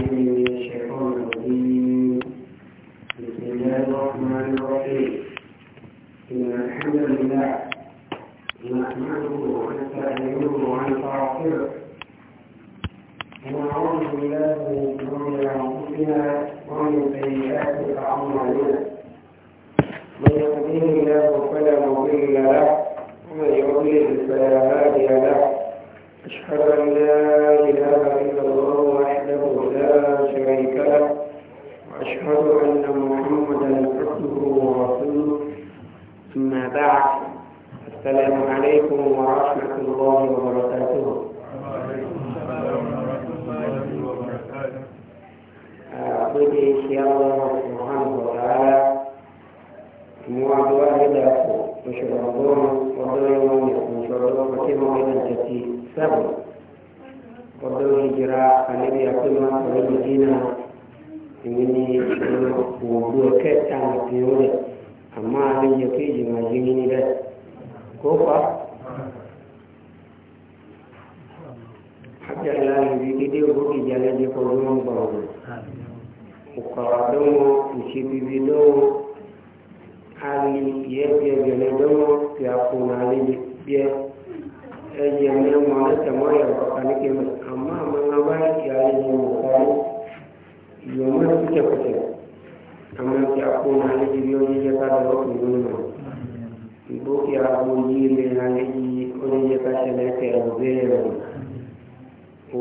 عليه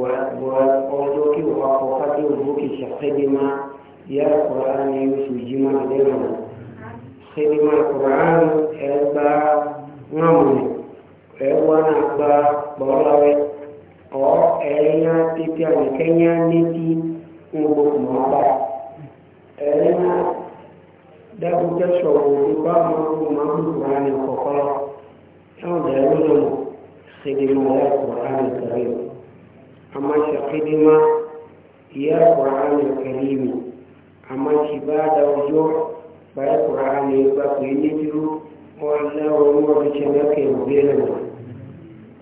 وأوجوك وأوقات وبوك خدمة يا القرآن يسجم علينا خدمة القرآن أبا نعمل أبوانا أبا بولاوي أو أيا تيتي أمكانيا نتي نبوك مابا أيا dábùjẹ́ sọ̀rọ̀ nípa àwọn ọmọdúnrún ní ọ̀kọ̀ọ̀kọ́ ẹ̀wọ̀n dẹ̀rẹ́ lọ́nà ṣèdè mọ́ ẹ̀kọ́ àmì kàrí أما خدمة يا قرآن الكريم أما بعد وجوه بيا قرآن يبقى ينجر والله هو بشمك يبيننا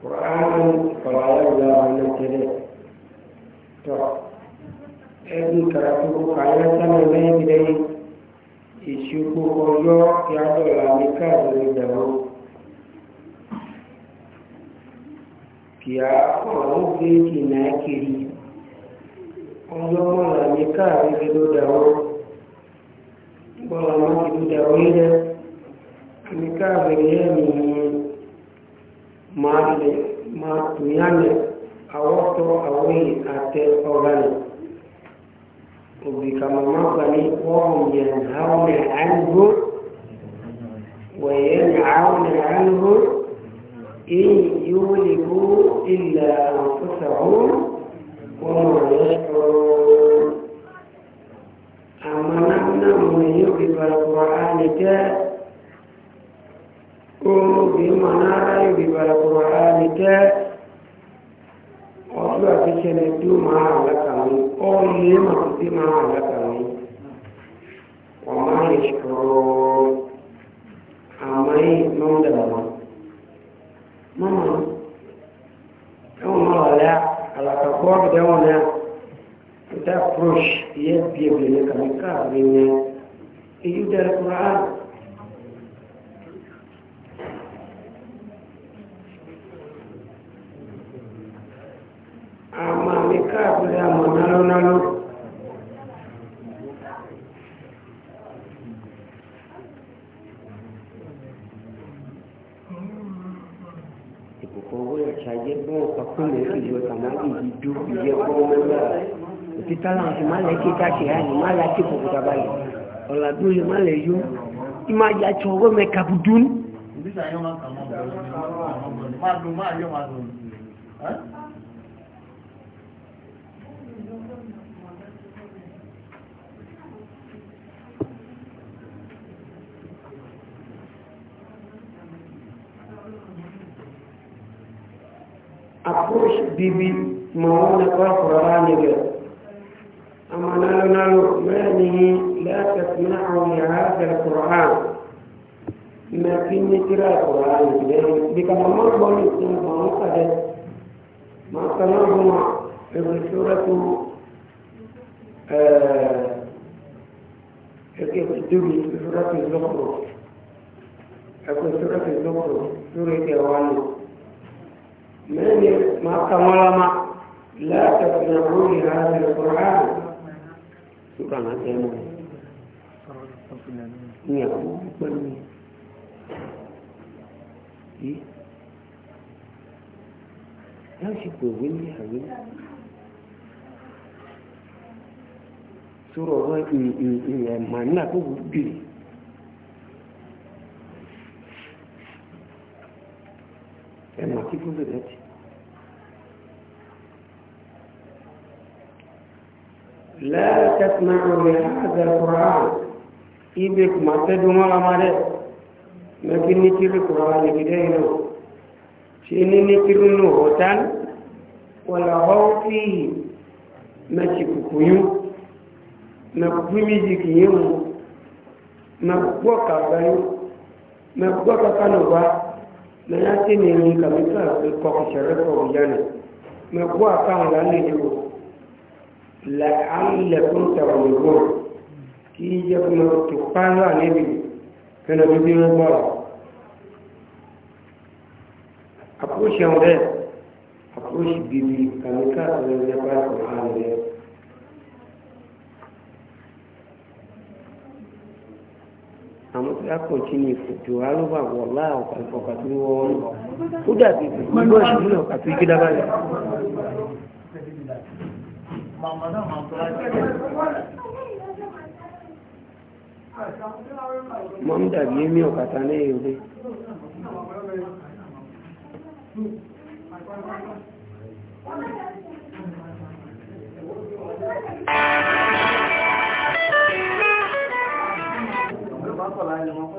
قرآن فلا يبدأ عن الكريم ẹbí karatu ayatollah lẹ́yìn lẹ́yìn ìṣubú ọjọ́ yàtọ̀ làmì káàdì ìdàrú. ìyá ọ̀hún gbé ìnà kiri ọjọ́ mọ́ra ní káàrí ló dàwọ́ gbọ́dọ̀ má ti ló dàwọ́ yẹn ní káàrí yẹn ní máa lè máa tún yánlẹ̀ àwọ̀tọ́ àwọn àtẹ ọ̀gá ni òbí kàmọ́mọ́ pẹ̀lú wọ́n yẹn hàn ní àlùbọ́ wẹ̀yẹ́ ní àwọn àlùbọ́. إن يولدوا إلا أنفسهم وما يشعرون أما نحن من يكتب القرآن جاء قوموا بمنارة يكتب القرآن جاء ọdún àti ṣẹlẹ̀ tí ó máa àlàkà ní ọ̀lẹ́ màá tí máa àlàkà ní ọmọ ìṣòro mama ɛwɔ ma wale a alakakɔ bɛtɛ wɔn a kita approach yɛ bie bie ne kan kaa bi ne eyi dɛrɛ kura a. ama mi kaa bi a ma nalo nalo. kule hiyo samaki jidu ile kwa ukitala male kitaki yani mala kipo kutabali ola duli male yu imaja chogo mekabudun ndisa yoma kama ma do ma yo ma do eh bibi ma wani kwakwara ne ga amma nalo nalo manihi la tasma'u li hadha al-qur'an ma fi nitira qur'an bi kama ma bani sun ba mu kada ma kana huma fi suratu الدبي في سورة الزخرف أكون سورة الزخرف سورة الوالد من ما كمرما لا تسمعوا لهذا القرآن شكرا لك يا لا شكوا ويلي حبيبي سورة معنى كوكو بيلي ẹ̀mà kí fún bẹ̀rẹ̀ ti لا تسمعوا لهذا القرآن إبك ما تدوم على مالك لكن نتير القرآن كده شيني نتير النهوتان ولا هو فيه ما تكوكيو ما كومي جيكيو ما كوكا بايو ما كوكا كانوا ما ياتي نيني كمثال الكوكي شرق وجانا ما كوكا كانوا لاني جيكو la'allakum taghlibun kí jẹ́ fún tùpá náà níbi kẹ́nà tó bí wọ́n bọ̀rọ̀ àpòṣe àwọn rẹ̀ àpòṣe bìbì kàmíkà àwọn ẹgbẹ́ bá kọ̀ọ̀kan rẹ̀ àmọ́ tí a kàn tí ní ìfòjò arúgbà wọ̀ láàrùn ọ̀pọ̀lọpọ̀ tí wọ́n ń lọ ó dàbí ìgbọ́nsẹ̀ nílò àti ìgbélábàlẹ̀. Màmọ́dá máa bọ́ Mom da biye mi o kata ne yore. Thank you.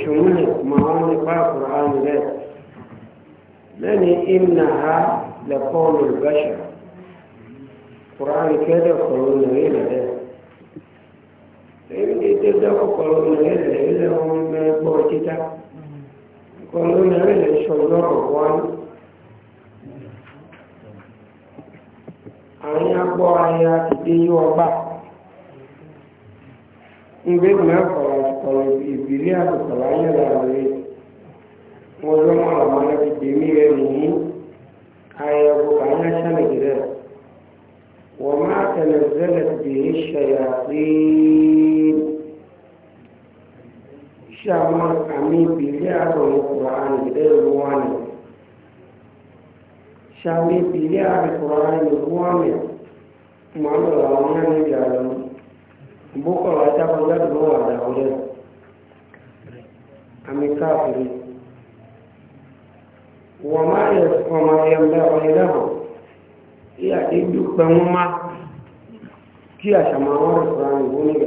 ṣòyìnlẹ̀ máa ń nípa àkùrán rẹ̀ lẹ́ni ìmìnà ha lẹ́kọ́ olùgbàṣà kùrán kẹ́dẹ̀ kọ̀ọ̀rọ̀ nìyẹn rẹ̀ èyí ni tẹ́ dákọ̀ kọ̀ọ̀rọ̀ nìyẹn rẹ̀ ilẹ̀ wọn mẹ́gbọ́ títà kọ̀ọ̀rọ̀ nìyẹn rẹ̀ ṣọlọ́rọ̀ wọn. àwọn agbọ́ ayé àti dé yí ọgbà ìwé náà kọ̀rọ̀ kọ̀rọ̀ ìbílẹ̀ àtọ̀tọ̀lá yẹ̀rọ àwẹ̀ wọn lọ mọ àwọn ẹgbẹ́ mi rẹ nìyí ayẹwo kàyà sàlẹ̀ rẹ wọ́n máa tẹ̀lé zẹ́lẹ̀ bìí ṣẹ̀yà pín ṣàmà àmì ìbílẹ̀ àtọ̀rọ̀ kùrán rẹ̀ wọ́n ṣàmì ìbílẹ̀ àtọ̀rọ̀ kùrán rẹ̀ wọ́n mọ̀ lọ́wọ́ wọn ní ìyàrá wọn boko wa ta ko yadu mo wa da hore ami wa ma ya wa ma ya da wa ila ho iya de du pe mo ma ki a sama wa qur'an wo ni ga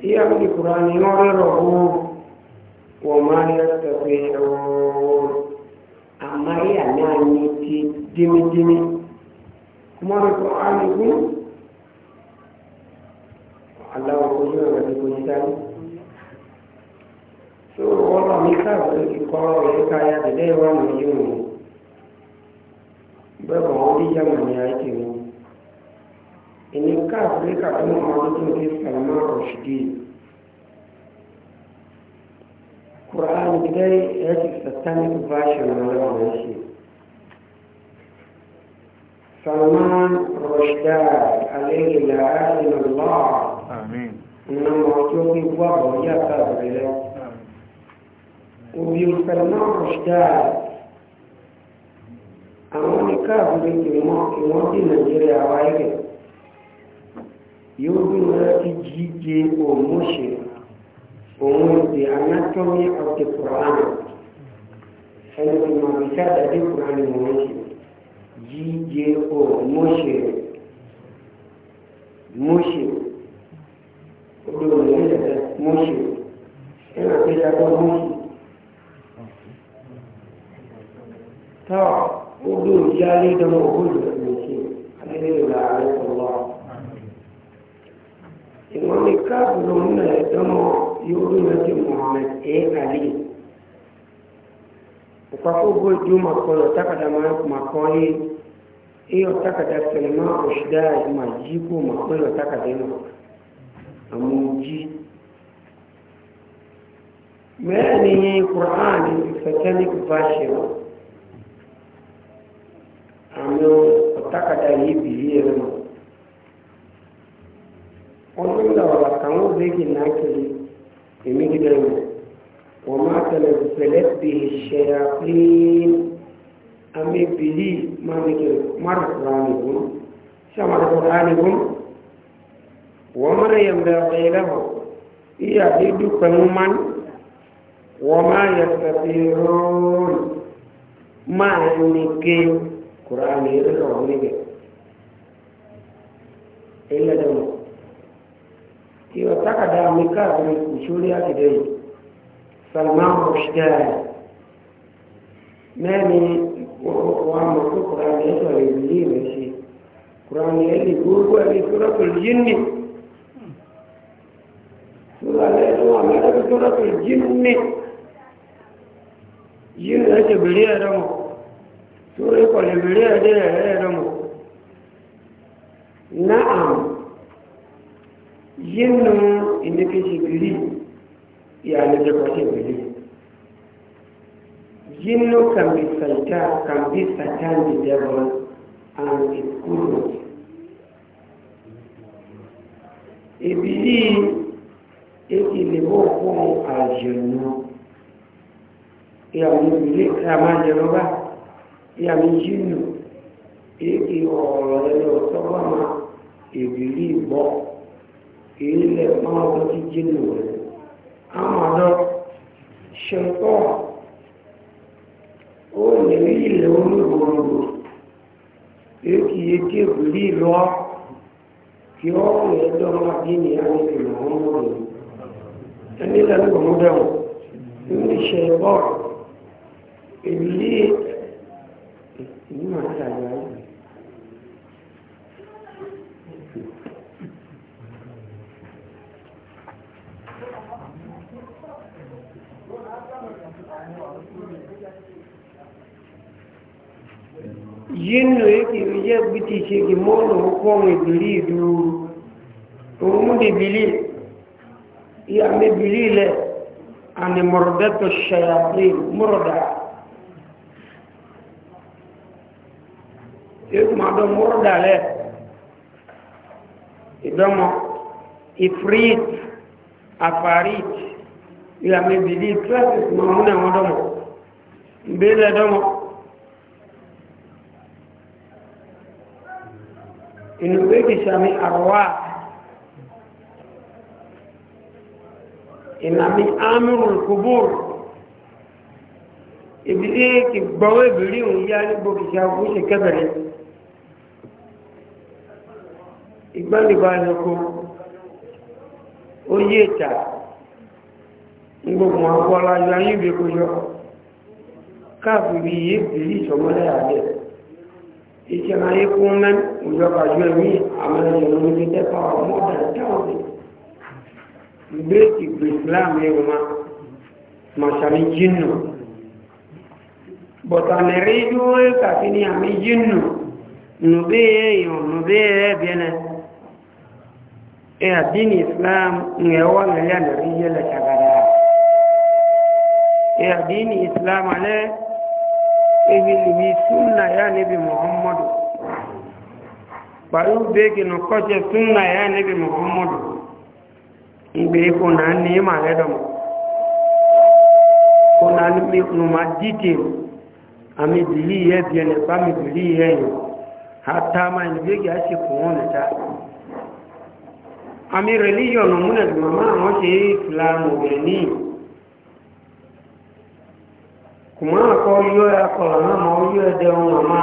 iya mi qur'an yo re ro ho wa ma ya ta fi amma iya na ni ti dimi dimi kuma qur'an wo aláwọ̀ ojú ọ̀rọ̀ ti kojú dání. tó wọ́n náà mi káàbọ̀ ikọ́ ẹ̀ka ya dẹ̀dẹ̀ wà mí yìí wò bẹ́ẹ̀ bọ̀ wọ́n bí yàmà ní àìkè wọn. ìní káàbọ̀ ẹ̀ka fún ọmọ ọdún tó ń sàlámà ọ̀ṣìdì. Quran dai ya ce satanic version na wannan shi. Salman Rushdie alaihi la'ayin Allah ìlú ọjọ́ bí wà bọ̀ ní àtàrí rẹ̀ òbí òfin náà ṣáà àwọn ní káàkiri ìwọ̀n ìwọ̀n sí nàìjíríà wáyé rẹ̀ yóò bí wọn ti jíje òmùṣe òun ti anatomy of the Quran ẹni tí wọn fi ṣàdádé Quran wọn ṣe jíje òmùṣe mùṣe olóòrùn ní ẹ̀fẹ́ mọ́ṣù ẹ̀rọ ìpínlẹ̀ ẹ̀kọ́ mọ́ṣù tọ́ olóòrùn yá lé dánwò ògbóòrùn ìrìnàjò alẹ́lẹ́ ìlà ààrẹ ọ̀lọ́ ìwọ̀n ní káàbùrù nínú ẹ̀dánwò yóò rí ẹjọ́ mohammed a ali òpapọ̀ gbòdú màkọlọ̀ tákàdá màkọ́lé èyí ọ̀tákàdá pẹ̀lú máa òṣìdá àwọn ojí mẹ́rin ní quran satanic version àwọn ọ̀tàkàtà yìí bìí ẹ̀rọ wọn tún dà wàlà káwọn bẹ́ẹ̀kì náà kiri èmi gíga ẹ̀rọ wọ́n máa tẹ̀lé ìfẹ̀lẹ́ bíi ṣẹ̀yà pín àmì bìlí máa mi kiri márùn-ún ṣàmàlùkùnrin وما ينبغي له يعيد قوما وما يستطيعون ما يملكين قرآن يرغبون إلا دم يوتاك دامك من كشوريا كدين سلمان رشدان ماني وعمل قرآن يسوى يبليه ماشي قرآن يلي قول قول سورة الجن wọn mi láti tó rọ́pù jíní jíní láti bèèrè ẹ̀rọmù tó rí kọ̀lẹ̀ bèèrè ẹ̀dẹ́ ẹ̀rọmù náà yínú ìníkẹ́sì bèèrè ìyàlẹ́jẹ́ kọ́sì bèèrè yínú can be satan can be satan the devil and his gurus. Ìbílí èyí lè bọ́ fún àjẹ̀nù ìyàwó ilé àmà jẹ̀rọ̀bá ìyàwó jínú èyí ọ̀rọ̀ ẹ̀rọ sọ́gbọ́nà ìbílí ìbọ̀ èyí lè máa wọ́n ti jínú rẹ̀ àmàdọ́ ṣẹ̀tọ́ ó lè rí ilẹ̀ olúborò èyí ètí ìbílí lọ kí ọ̀rọ̀ ẹ̀dọ́ máa dín ní àwọn ìlànà ọmọ ẹni lẹ́nu gbọ̀mú bẹ̀rù ní ṣe ẹ̀bọ̀ èyí ìlú màá dàgbà yìí. yinnu yake yake biti shi ki mono ko mai bili du ko mu de bili يعني بليلة عن مردة الشياطين مردة يسمع ده مردة له إدامة إفريت أفاريت يعني بليلة ثلاثة معونة ودمه بلا دمه إنه بيجي سامي أرواح ìnàmí amúrùn kúbúrù ìbílí kì gbọ́wọ́ ìbílí òun yá ní gbogbo ìṣàkó ṣe kẹ́bẹ̀rẹ̀ ìgbọ́nìbá lóko ó yé ìta gbogbo àwọn ọlájọ ayébẹ̀ kó yọ káàkiri yé ìbílí ìṣọ̀mọ́lẹ̀ àgbẹ̀ ìṣẹ̀lẹ̀ ayé kún mẹ́ òjọba ju ẹ̀mí àmọ́ ẹ̀yẹ̀ lórí tẹ́fà ọmọ ọ̀dà táwọn break islam ye eh, ma masami jinnu but an reju ka kini ami jinnu nube ye eh, yo nube ye eh, bene e adini islam ngewa ngeya na rije la chagara e adini islam ale e bi sunna ya nabi muhammad baru beki no sunna ya nabi muhammad ìgbèríko náà ní ìmà rẹ̀dọ̀mù kó náà nù má dìtì àmì ìdìlí yẹ bí ẹnì bá mi ìdìlí yẹ yìí àtà má ìdìlí yẹ ṣe kù wọn nìta àmì rẹ̀líyọ̀nù múnẹ̀ màmá àwọn ṣe é ìfìlànà òbẹ̀rẹ̀ níyì kùmọ́ àkọ́ yọ ẹ̀kọ́ àwọn ọmọ yọ ẹ̀dẹ̀ o ọ̀ma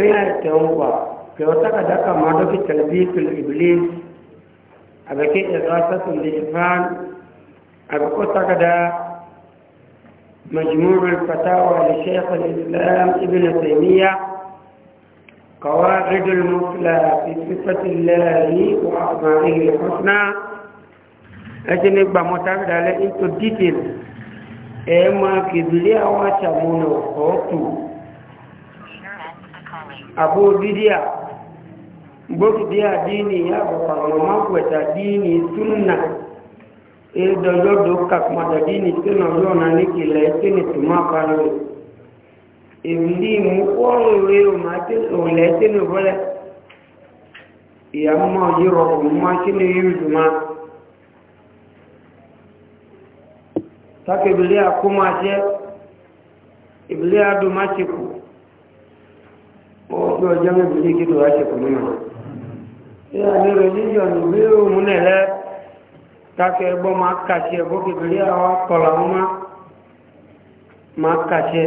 ẹ̀yà ẹ̀tẹ̀ ohun wà kẹwàá tákàdákà má dókítà bí ìpìlẹ̀ ìbílẹ̀ abake irasatul lihfan abako takada مجموع الفتاوى لشيخ الإسلام ابن تيمية قواعد المثلى في صفة الله وأسمائه الحسنى أجنب بمتابع على إنتو ديتيل إما كذلية وشامون وخوتو أبو ديديا gbókìdí àdínì àbùkàwọn mákùẹ̀tà dínì túnà ìdọ̀yọ́dọ̀ kàkùmọ̀tà dínì túnà lọ́nà níkìlẹ̀ túnì tó máa parí ìbílí mú wọ́n rẹ̀ òmìnlẹ̀ túnì bọ́lẹ̀ ìyàmọ́ yíò ọmọ sínú yíò jùmá tákìbílí àkómáṣẹ́ ìbílí àdùmáṣẹ́kù ọjọ́ ìjọ́ mẹ́bìlí kí tó wáṣẹ́kù nínú ìyá ní religion ìwé òmùnẹ̀ lẹ́ kákẹ́ ẹgbọ́ máa kàṣẹ ẹgbọ́ kékeré àwọn akọ̀là ọmọ máa kàṣẹ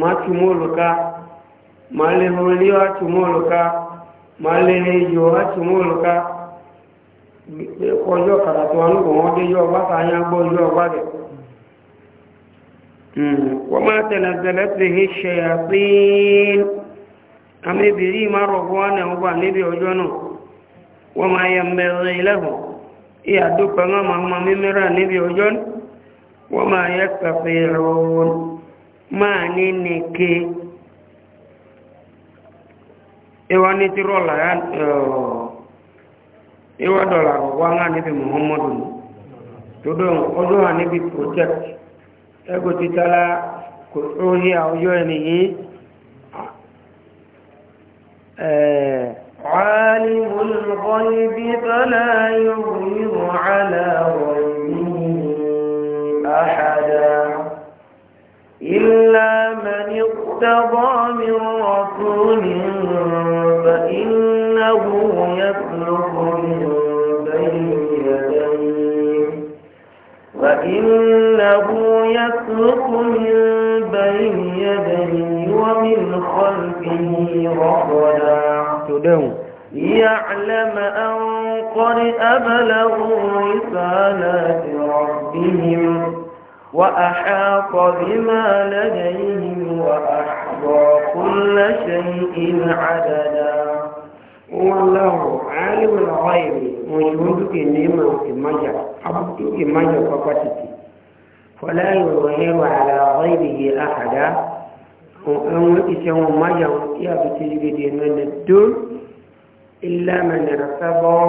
máa tù mú olùká máa lè mú ilé wá tù mú olùká máa lè lè yọ wá tù mú olùká ọjọ́ kàrà tó wà nígbò wọ́n dé yọ ọgbá sáyá gbọ́ yọ ọgbá rẹ̀ hmm. wọ́n máa tẹ̀lẹ̀ tẹ̀lẹ̀ tẹ̀lẹ̀ ṣẹ̀yà pín amébìrí má rọ̀gbọ́ ọ̀nà ọgbà níbi ọjọ́ náà wọ́n máa yẹ mẹ́rin ilẹ́hùn ìyàdópẹ́ wọn máa ma mímẹ́rà níbi ọjọ́ wọ́n máa yẹ pẹ̀pẹ̀ rọrùn máa ní nìke ìwà ní ti rọ̀lá ìwà dọ̀là wọ́n á níbi muhammadu tó dọ̀n ọjọ́ wà níbi project ẹgbẹ́ títàlá kò tó yẹ ọjọ́ ẹni yìí آه، عالم الغيب فلا يغيظ على غيبه أحدا إلا من اقتضى من رسول فإنه يخلق من بين يديه وإنه يخلق من بين يديه ومن خلفه رصدا ليعلم أن قد أبلغوا رسالات ربهم وأحاط بما لديهم وأحضى كل شيء عددا والله عالم الغيب مجهودك النعمة في مجا عبدك مجا فقط فلا يظهر على غيره أحدا وأن إسهم ما يبتلي بدين من الدون إلا من ارتضى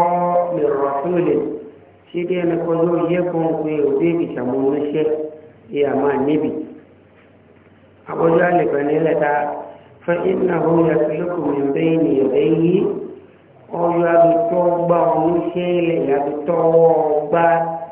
من رسول سيدي أنا كذو يكون في يديك سمون الشيخ يا ما النبي أبو ذلك نلتا فإنه يسلك من بين يديه أو يبتوبة ومشيل يبتوبة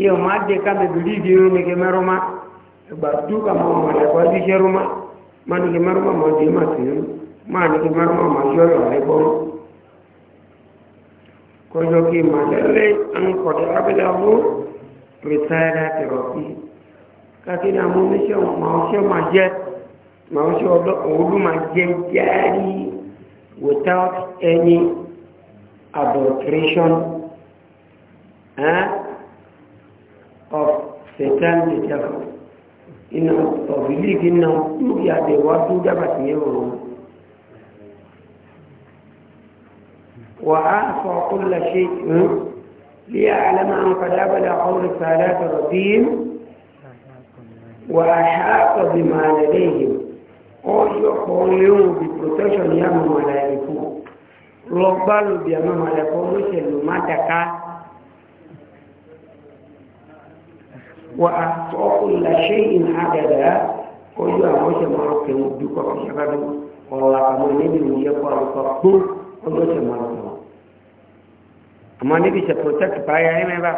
iyo madde kamɓe ɓe lidironike meroma gba dukama mole ko dije ruma manike meroma mo dima sinu manike meroma ma yoyore bon ko joki ma lelle an kote abila mu retire therapy kakina mu mission ma ose ma je ma ose odo odu ma je jari without any adulteration eh of satanic effort ina of belief ina níbi àdéhùwá tó jábà sí yẹn wọn. وأعصى كل شيء ليعلم أن قد أبلغ رسالات ربهم وأحاط بما لديهم ọjọ́ kan léhùn bí protection yá mọ̀ mọ̀lẹ́kù lọ bá lòdì àmọ́ mọ̀lẹ́kù ló ṣẹlù má وأعطى كل شيء عددا كل عوشة معك يبدوك وشبابك والله أمني من يقوى القرطو وجوشة معك أما نبي سبروتك بايا هنا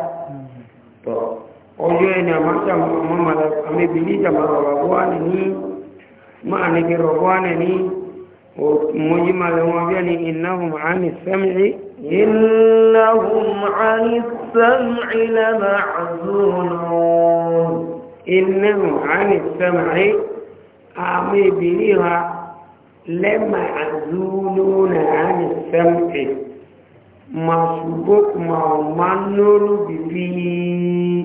با ọjọ́ ẹni àmáta àmẹ́bìlì ìjàmàrà rọ̀gbọ́ ní ní máa níbi rọ̀gbọ́ ní ní mọ́jímà lẹ́wọ́n bí ẹni ìnáhùn àmì sẹ́mìí إنهم عن السمع لمعزولون إنهم عن السمع أعمي بليها لمعزولون عن السمع مصبوك مؤمنون بفيه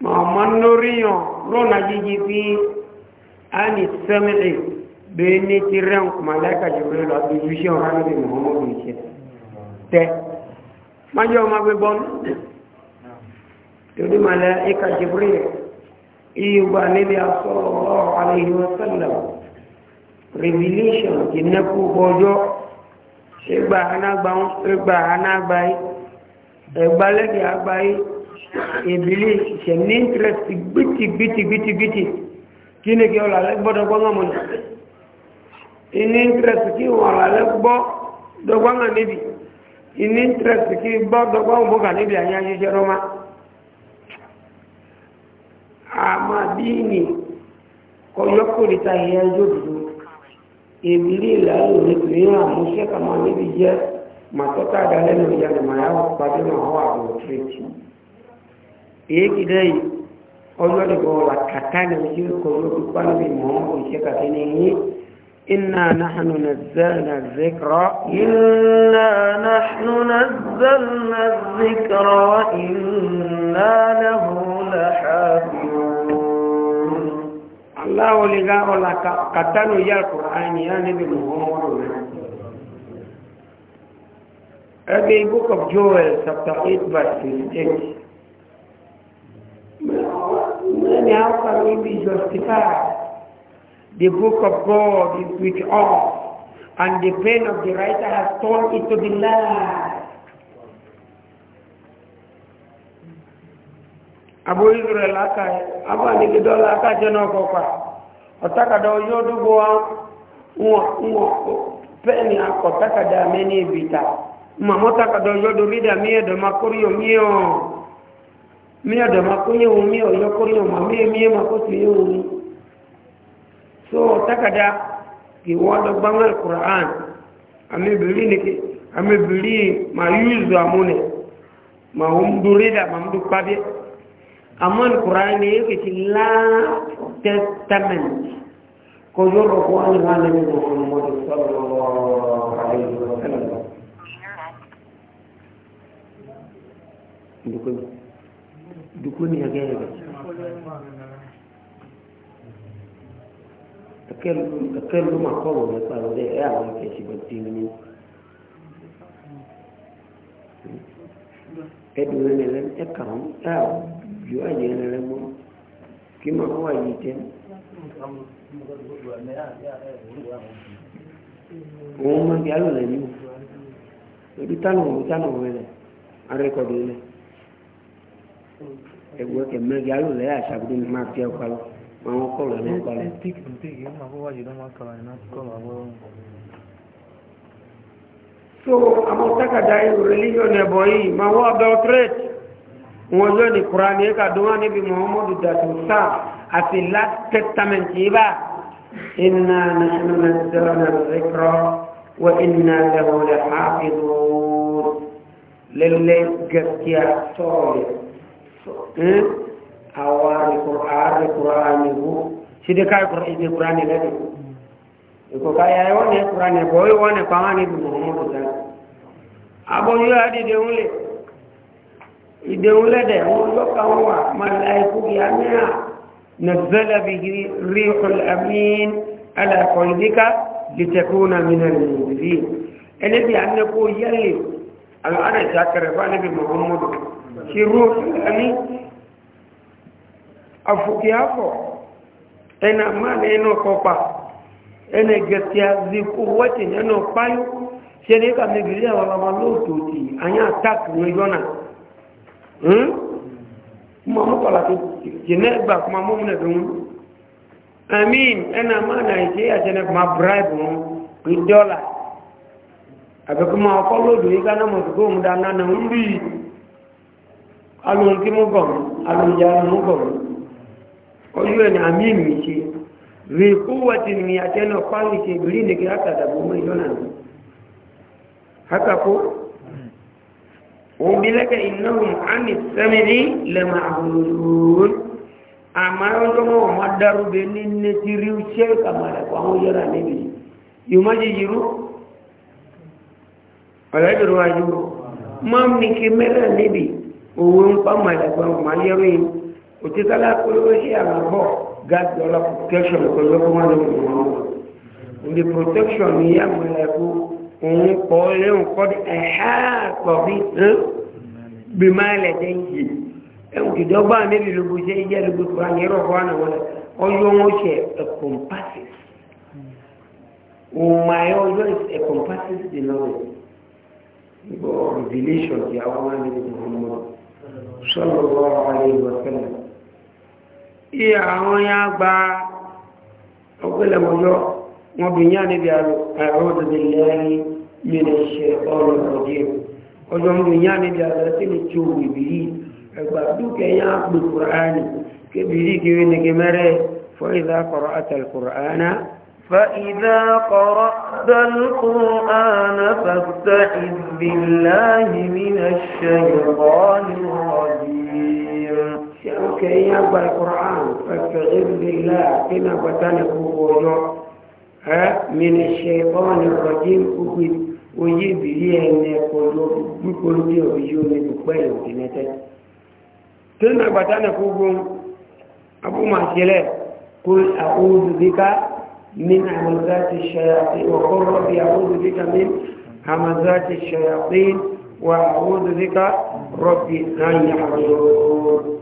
مؤمنون ريون رونا جيجي فيه عن السمع bee ní ti rẹ́n màláìka jùlọ lọ bí ju iṣẹ́ ọ̀rá níbi mọ̀mọ́dù iṣẹ́ tẹ́ má jẹ́ ọmọ gbé bọ́n torí màláìka jùlọ ìgbà níbi asọ́lọ́ alayhi wa sallam revelation ti nẹ́kú bọ́jọ́ ẹgbà anágbà ẹgbà lẹ́gbẹ̀ẹ́ àgbáyé ìbílí ìṣẹ̀ ní interest gbìtìgbìtìgbìtì kí ni kí ọlọ́lẹ́ gbọ́dọ̀ gbọ́ngàn ìní interest kí wọ́n rà lẹ́ gbọ́ dọ́gbọ́n hàn níbi ìní interest kí gbọ́ dọ́gbọ́n bó kà níbi àyà ṣiṣẹ́ rọ́mà àmàdíìnì kọyọ́kùnrinta ìyẹn jókòó èmìlì ìlàlù nítorí àmúṣẹ́ kàmá níbi jẹ́ màtọ́tà àdálẹ́nu ìyàlù màyàwó pàdé màá wà lọ́wọ́ tírèkì èyí kìdẹ́ yìí ọjọ́ ìgbọ̀ wà kàtà ní ojú kọyọ́kùnrin pàmì mọ́ òṣèkàtẹ́ ní yín. إنا نحن نزلنا الذكر إنا نحن نزلنا الذكر وإنا له لحافظون الله لقاء لك قتلوا يا القرآن يا نبي محمد أبي بوك أوف جويل سبتقيت بس verse 58 Many how The book of God is switched off, and the pen of the writer has torn it to the last. Abu Israel aka abu anigi dɔla aka tse n'ɔkɔ kpa ɔtakada ɔyɔ dugu wa ŋɔ ŋɔ pɛni akɔ takada mɛ ni ebita mamɔ takada ɔyɔ do rida mi yɛ dɔma kori yɔ mi yɛ ɔ mi yɛ dɔma ko yɛ wo mi yɛ ɔyɔ kori yɔ ma mi yɛ so takada ki wada bangal Quran ame bili ni ame bili ma yuzu amune ma umdurida mamdu pade aman Quran yake ti la testament ko yoro ko an wala ni Muhammad sallallahu alaihi wasallam dukuni dukuni ya gaya akẹ́lùmọ́ akọ́wọ̀ nípa rẹ̀ ẹ̀ àwọn ìkẹ́sì bẹ̀ tí ní ẹ̀dùn rẹ̀ ẹ̀kà ẹ̀ yọ ẹ̀yẹ rẹ̀ mọ́ kí mọ̀ kọ́ wà yìí jẹ́ òun máa ń bí alò lẹ́nu ebi tánù òun tánù òun rẹ̀ arẹ́kọ̀dù rẹ̀ ẹ̀gbọ́n kẹ̀ mẹ́gì alò lẹ́yà àṣàbùdó ni máa fi ọ̀pá lọ àwọn kọ̀ọ̀lù ní ìpalẹ̀. pick and pick yìí máa fọwọ́ yìí ló máa kọ̀ọ̀lù ní kọ̀ọ̀lù àbọ̀rọ̀. so àwọn takada religion ẹ̀bọ̀ yìí máa wọ́ about rate wọn yóò ní kurani ẹ̀ka dùnmọ́ níbi muhammadu dàtú sáà àti last testament yìí bá iná nàìjíríà nàìjíríà nàìjíríà wa iná lẹ́wọ̀n lẹ́ lallai gaskiya sorry awari qur'ani qur'ani hu sidi kai qur'ani qur'ani ne ko kaya yo ne qur'ani boy wona pamani du muhammadu ta abo yo adi de unle ide unle de un lo ka wa malaiku ya na nazzala bihi rihul amin ala qalbika litakuna min al-munzirin elbi anne ko yalle al ana shakara fa nabi muhammadu shi ruhul amin afuki afọ ena mana eno kopa ene getia ziku wote eno payu shere ka megilia wala maloto ti anya attack no yona hm kuma mo kala ti jene ba kuma mo mna dun amin ena mana ije ya jene ma bribe mo bi dollar abe kuma okolo na igana mo na na umbi alon ki mo gom alon ja mo ọjọ́ ẹni àmì mi ṣe rí kúwà tí ni àtẹ́nà pàrí ṣe ìbìrí ní kí látàdàbò mọ́ ìjọ́nà ní hakako òun bí lẹ́kẹ̀ ìnáhùn ánì sẹ́mìrí lẹ́mà àwòrán àmà ọjọ́ mọ́ ọmọ dárúbẹ ní nẹ́tírí iṣẹ́ kàmàlẹ̀kọ́ àwọn yẹ́ra níbi yìí má jẹ́ yìí rú ọ̀rẹ́ òtítọ́lá kúrò sí àlàbọ̀ gáàsì ọlọ́pù protection pẹ̀lú ọkùnrin ní ìwọ̀n ní protection ní yàmùlẹ́kù òun kọ́ léhùn kọ́ di ẹ̀há kọ̀bí bí máa lẹ̀ jẹ́ yìí ẹ̀hùn ìdọ́gba ní lílùbù ṣe iye lílùbù tó àyè rọ̀kọ́ àná wọlé ọjọ́ wọn ṣe encompasses òun máa yọ ọjọ́ encompasses the knowledge ìbọ̀ revelation ti àwọn àmì ìgbòho mọ́ sọ́lọ́wọ́ àlẹ́ ìwọ̀sẹ́lẹ̀ iye àwọn ya gba ọ̀pẹ́lẹ̀ mọ́jọ́ wọn bí yá níbi àrọ́dọ̀dẹ̀lẹ́rin mìíràn ṣe ọ̀rọ̀ ọ̀dẹ́ ọjọ́ bí yá níbi àrọ́ tí mi tí ó wìbìrí ẹgbà dúkẹ́ yá pè kùránì فإذا قرأت القرآن فاستعذ بالله من الشيطان الرجيم كأن يقبل القرآن فاستعذ بالله كما بتنك وجو من الشيطان الرجيم ويجيب لي أن يقول لي ويجوني بقبل وكنتك كما بتنك أبو معسلة قل أعوذ بك من همزات الشياطين وقل ربي أعوذ بك من همزات الشياطين وأعوذ بك ربي أن يحضرون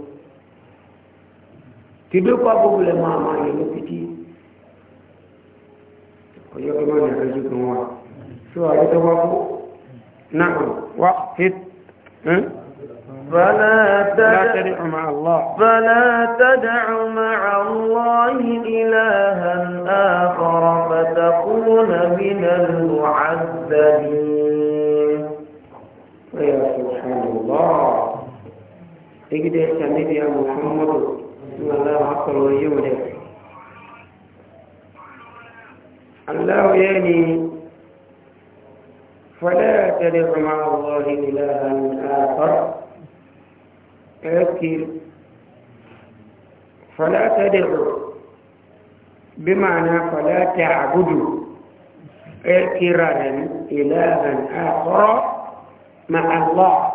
ci be ko bobu le mama yi ni ci ko فلا تدع مع الله فلا تدع مع الله إلها آخر فتكون من المعذبين يا سبحان الله اجد يا محمد والله أكبر يولد الله يعني فلا تدع مع الله إلها آخر أذكر فلا تدع بمعنى فلا تعبد إكرارا إلها آخر مع الله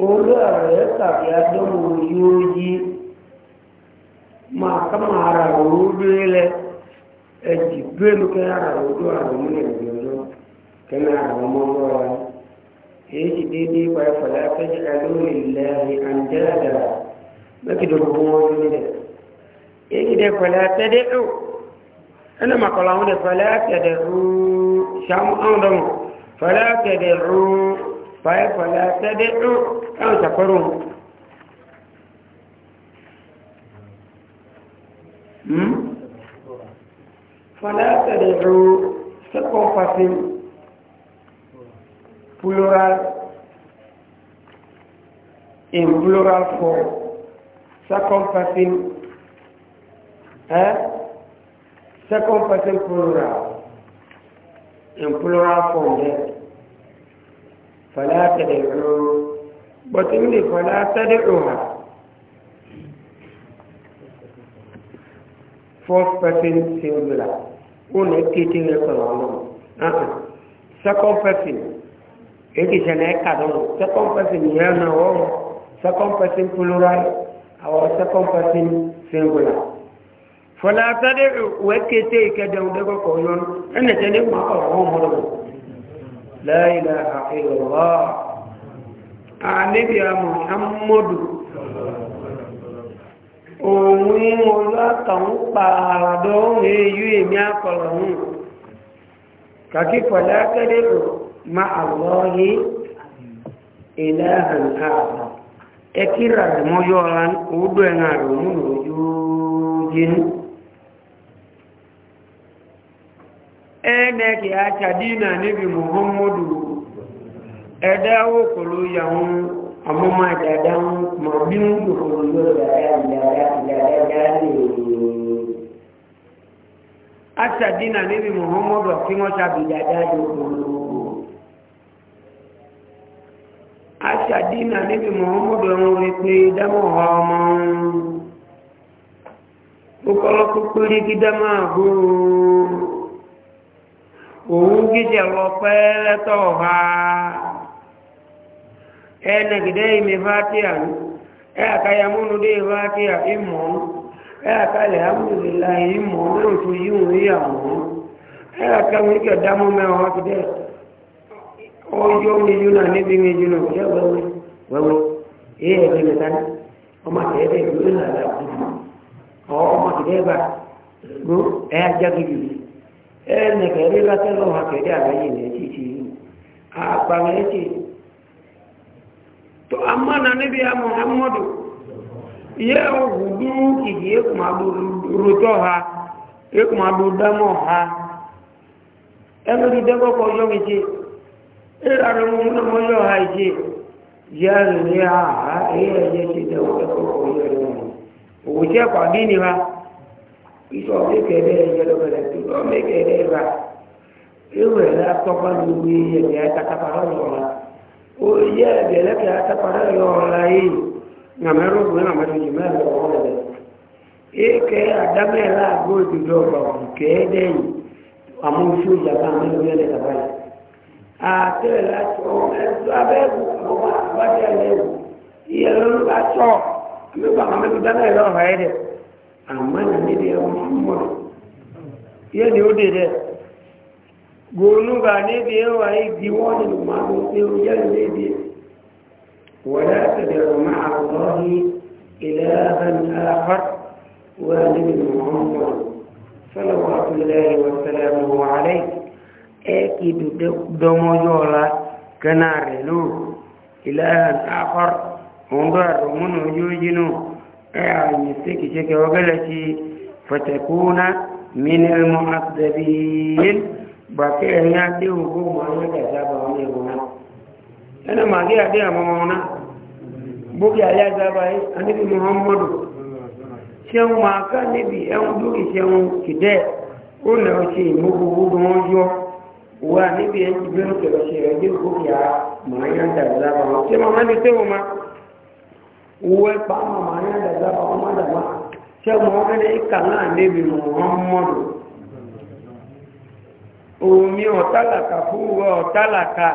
أولا يتقى يدم يوجي máa ká máa ara òru lórí lẹ ẹjì gbénu kẹ ara òdu ara òmu lè lò lọ kẹmẹ ara ọmọ ọmọ wa èyí ti déédéé wáyé fọlá fẹjì alóore ilẹ ayé àǹjẹlá dàrá mẹkìdọ gbogbo wọn lórí rẹ èyí ti dẹ fọlá tẹdẹ ó ẹnna màkàlà àwọn dẹ fọlá tẹdẹ rú sàmú àwọn dọmọ fọlá tẹdẹ rú fàyẹ fọlá tẹdẹ ó ẹnna sàkọrọ wọn. fanatẹ̀lẹ̀rọ second person plural in plural form second person eh? second person plural in plural form there fanatẹ̀lẹ̀rọ bọ̀tí ní fanatẹ̀lẹ̀rọ ha first person singular one ekete rẹ pẹ̀lú ọlọ́run second person èkì sẹ́ni ẹ̀ka lọ́run second person yẹn náà wọ́n second person plural àwọn second person singular fọlá sáré wẹ́kẹ́tẹ́ ìkẹ́dẹ̀wò dẹ́kọ̀kọ̀ yọnu ẹnì tẹ́lẹ̀ mọ́ ọ̀rọ̀ wọn mọ́ láìlà àfihàn wá àníbíà muhammadu òun ìwọ̀n olóàtọ̀hún pa àràdọ̀ ohun èyí èmì àkọlọ̀ hùn kàkí pọ̀lẹ́ akẹ́dẹ̀ lò ma àlọ́yé ìlẹ́hàn ààbà ẹkí rẹ̀ mọ́yọ́ ọ̀la òódó ẹ̀hàn rẹ̀ mú lójújínú ẹnẹ́kì àtàdínà ya amma ma da dan mabin da kuma da ya da ya da ya da ne asa dina ne bi muhammadu fi won ta bi da da do asa dina ne bi muhammadu won re pe da mo ho mo ukolo ku kuri ki da ma go òun gíjẹ lọ pẹ́ lẹ́tọ̀ọ́ ha ene gidei mifatiha ea kayamunu de fatiha imonu ea kalhamdulillahi imonu e otuyun iyamonu ea kamike damu mewa gide ojo ngijuna nibi ngijuna gide wewe wewe iye gine tani ọmọ tẹ́ẹ̀dẹ̀ ìlú ìlànà ìlú ọmọ gideba go ea to amma na nabi ya muhammadu ye hudu kiji ye kuma du ruto ha ye kuma du damo ha ẹnu di dẹ́gbọ́ kọ ọjọ́ méje ẹ̀rọ rẹ̀ mú múná mọ́jọ́ ha ìṣe yá rẹ̀ ní àhá èyí ẹ̀yẹ ṣe dẹ́gbọ́ kọ ọjọ́ rẹ̀ wọn òwò jẹ́ pàdé ni wa ìṣọ̀ mékèdè ẹ̀yẹ lọ́bẹ̀rẹ̀ tó lọ́ mékèdè wa ewu ẹ̀ lọ́tọ́gbọ́n ní ìyẹ̀dẹ̀ àtàkàtà lọ́wọ́ wa oye ẹgbẹ̀lẹ́kẹ̀ atápadà yọ ọ̀la yìí nàmẹ́rù ògbé nàmẹ́rù mẹ́rin ọ̀rọ̀ rẹ̀ eke adámẹ́lá àgbo ìdúdú ọgbà òkè dẹ́yìn àmọ́ oṣù ìjàmbá mẹ́rin ẹ̀lẹ́ bàbá yìí àtẹ̀lẹ́ lásọ ẹ̀sọ́ abẹ́ẹ̀kù ọba àbájá ẹ̀lẹ́wù iye lọ́nu lásọ àmẹ́kọ̀ àwọn mẹ́rin dáná ẹ̀lẹ́ ọ̀rọ̀ ẹ̀ dẹ̀ àmọ́ nàní gonuga ne da yawa yi giwon lumanu sai rujar ne da wada ta da rama a allahi ilahan akhar wa nabi muhammad sallallahu alaihi wa sallam wa alaihi e ki domo yola kana relu ilahan akhar hunga rumunu yujinu e a yi seki sheke wagalaki fatakuna min al gbàtí ẹ̀yìn adé ògbó mọ̀ọ́nà ìdàgbà ọmọ ẹ̀rọ náà ẹnà màgí adé àmọ́ ọmọ náà gbókè ayé àgbà yìí muhammadu ṣẹun máa ká níbi ẹun lórí ṣẹun kìdẹ́ ó nà ó ṣe ìmúgbogbo bí yọ wà níbi ẹni bí wọ́n kẹ̀lọ́ ṣe rẹ̀ dé gbókè ọmọ ma wọ ẹ pa ọmọ dàgbà níbi muhammadu omi ọ̀tálàkà fúnwọ́ ọ̀tálàkà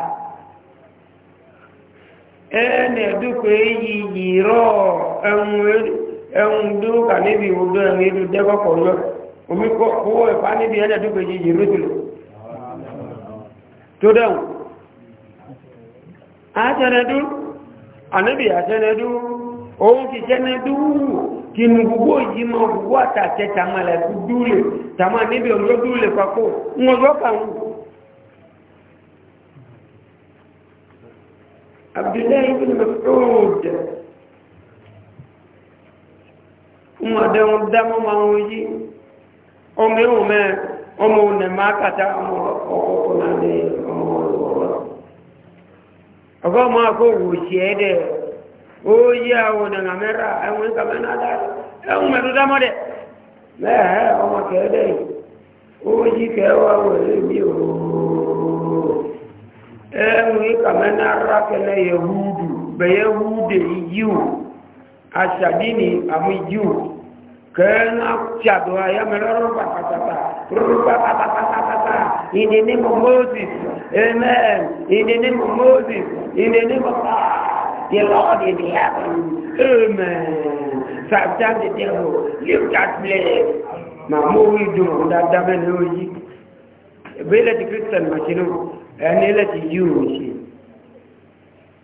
ẹni ẹ̀dùkọ̀ èyí yìírọ̀ ẹ̀hùn dúkà níbi ìwòdó ẹ̀hùn ìlú dẹ́kọ̀kọ̀ lọ omi kọ́ ẹ̀fà níbi ẹni ẹ̀dùkọ̀ èyí yìírọ̀ tó dẹ̀hùn kinu gbogbo yìí mọ gbogbo àtàtẹ tàmà lẹ́kú dúlé tàmà níbi ọjọ́ dúlé papọ̀ ńlọ́jọ́ kàwọn abdullahi ibn masoud ọmọdé wọn dámọ́ ma wọn yí ọmọ ẹ̀wọ̀n mẹ́ ọmọ ònà máa kàtà oyi àwọn ọ̀nà mẹ́ra ẹ̀wọ̀n na náà dáadọ́ ẹ̀wọ̀n mẹ́rú dámọ́dẹ̀ ọmọ kẹ́ẹ̀dẹ̀ oyi kẹwàá ka mi ooo ẹ̀wọ̀n ìkàmẹ́ náà rákẹlẹ̀ yehudu bẹ̀yẹhudu yíò aṣàdínì àmì amu kẹ́ẹ̀nà ṣàdọ̀ ayámẹ́rẹ́ rọ́bà pátápátá rọ́bà pátápátá Moses amen Moses The Lord is in heaven. Amen. Satan the devil, leave that place. Màmú orí dùn ọ̀hún dáadáa mẹ́rin ló yí. Ìbílẹ̀ ti Christian Màṣínú, ẹni ilẹ̀ ti yí òun ṣe.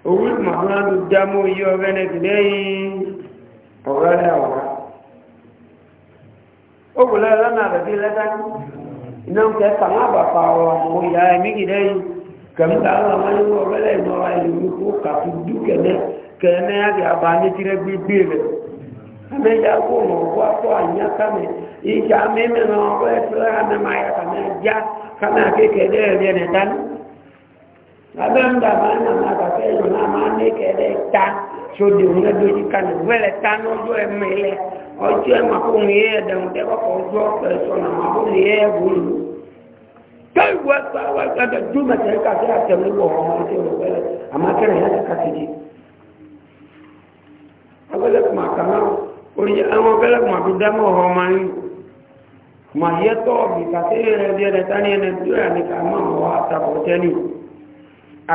Owó màmú láti dá mú yí ọ̀rẹ́ náà ti lẹ́yìn ọ̀rẹ́ náà wá. Ó wùlọ́ lọ́nà àbẹ̀bí lẹ́tà. Iná ń kẹta má bàbá ọ̀rọ̀ àwọn ìyá ẹ̀mí kìí lẹ́yìn kẹmíkà àwọn amáyéwò ọ̀rẹ́lẹ̀ ìmọ̀ra ìlú kó kàfi dú kẹ̀mẹ́ kẹ̀mẹ́ àti àbá nítìrẹ́ gbégbé rẹ̀ amẹ́jà kó mọ̀ ọ̀gbọ́ àpọ̀ àyíyá kámẹ́ ìjà mímẹ́nà ọ̀rẹ́ ìfẹ́ àmẹ́mà ayà kàmẹ́ já kámẹ́ àkékèdè ẹ̀rí ẹ̀nẹ̀ dání abẹ́ ń dàbà ń nà máa kàfẹ́ ìlú náà máa ní kẹ̀dẹ́ ta sóde òun lẹ́dọ̀ yìí kanẹ̀ wẹ́lẹ̀ ta lọ́jọ́ ẹ̀mẹ́lẹ̀ ọjọ́ ẹ̀mà ń yé ẹ̀dẹ̀hùn kai wasa wasa da duma ta yi kafin a kyamun wa wa mace wa wala amma kana ya ta kasi ji a wala kuma kama ori an wa gala kuma bi dama wa mani kuma ya to bi ka sai yana biya da tani yana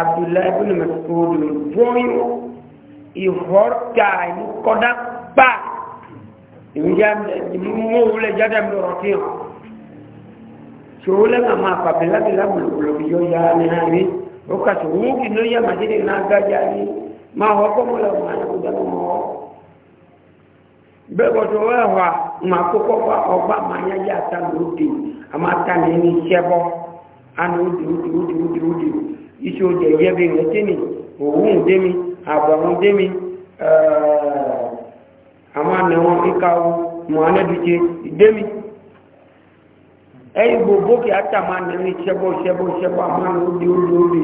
abdullahi ibn mas'ud boyo ihor ta ni koda ba ìwé jáde mú wúlẹ̀ jáde mi lọ́rọ̀ hàn sowole nga ma papila bi la bulubulu bi yo yaani haani o ka ya na gaja ni ma hɔ na kuda ma ma koko fa ma anya ya na ni ni o owu ẹ̀yìn gbogbo kí á tàmà nínú ìṣẹ́bọ̀ ìṣẹ́bọ̀ ìṣẹ́bọ̀ àmàlù òbí òbí òbí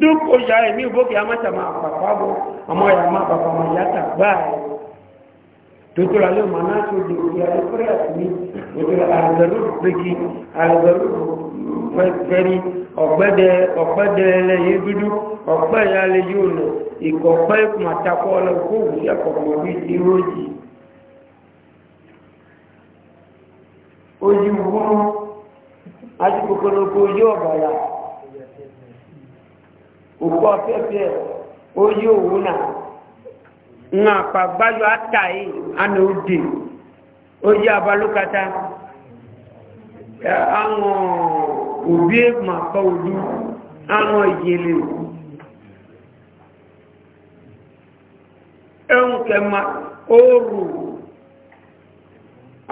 dúkò ṣàrẹ̀ ní ìgbò a á má tàmà àpapà bọ̀ àmọ́ ìyá má bàbà má ìyá tàgbà ẹ̀ tótó la lé màná tó di òbí alẹ́ pẹ́rẹ́ àtúní tótó la àgbẹ̀rù péjì àgbẹ̀rù pẹ́ẹ́rì ọ̀gbẹ́dẹ ọ̀gbẹ́dẹ lẹ́yìn dúdú ọ̀gbẹ́ ìyá lè yóò lọ ìkọ̀pẹ́ ìkùn àtakọ́ ọlọ́kọ́ òwúyẹ́ kọ̀ọ̀mọ́ bíi ti rójì. ojú wúrú àti kòkòròkò yóò ọ̀gbàlà òkú ọ̀fẹ́fẹ́ ó yóò wú náà ńlá àpàgbáyọ àtàyè àná òde ó yí abalókata àwọn òbí màkà òdu àwọn ìyèlè ẹ̀hùn kẹma oòrùn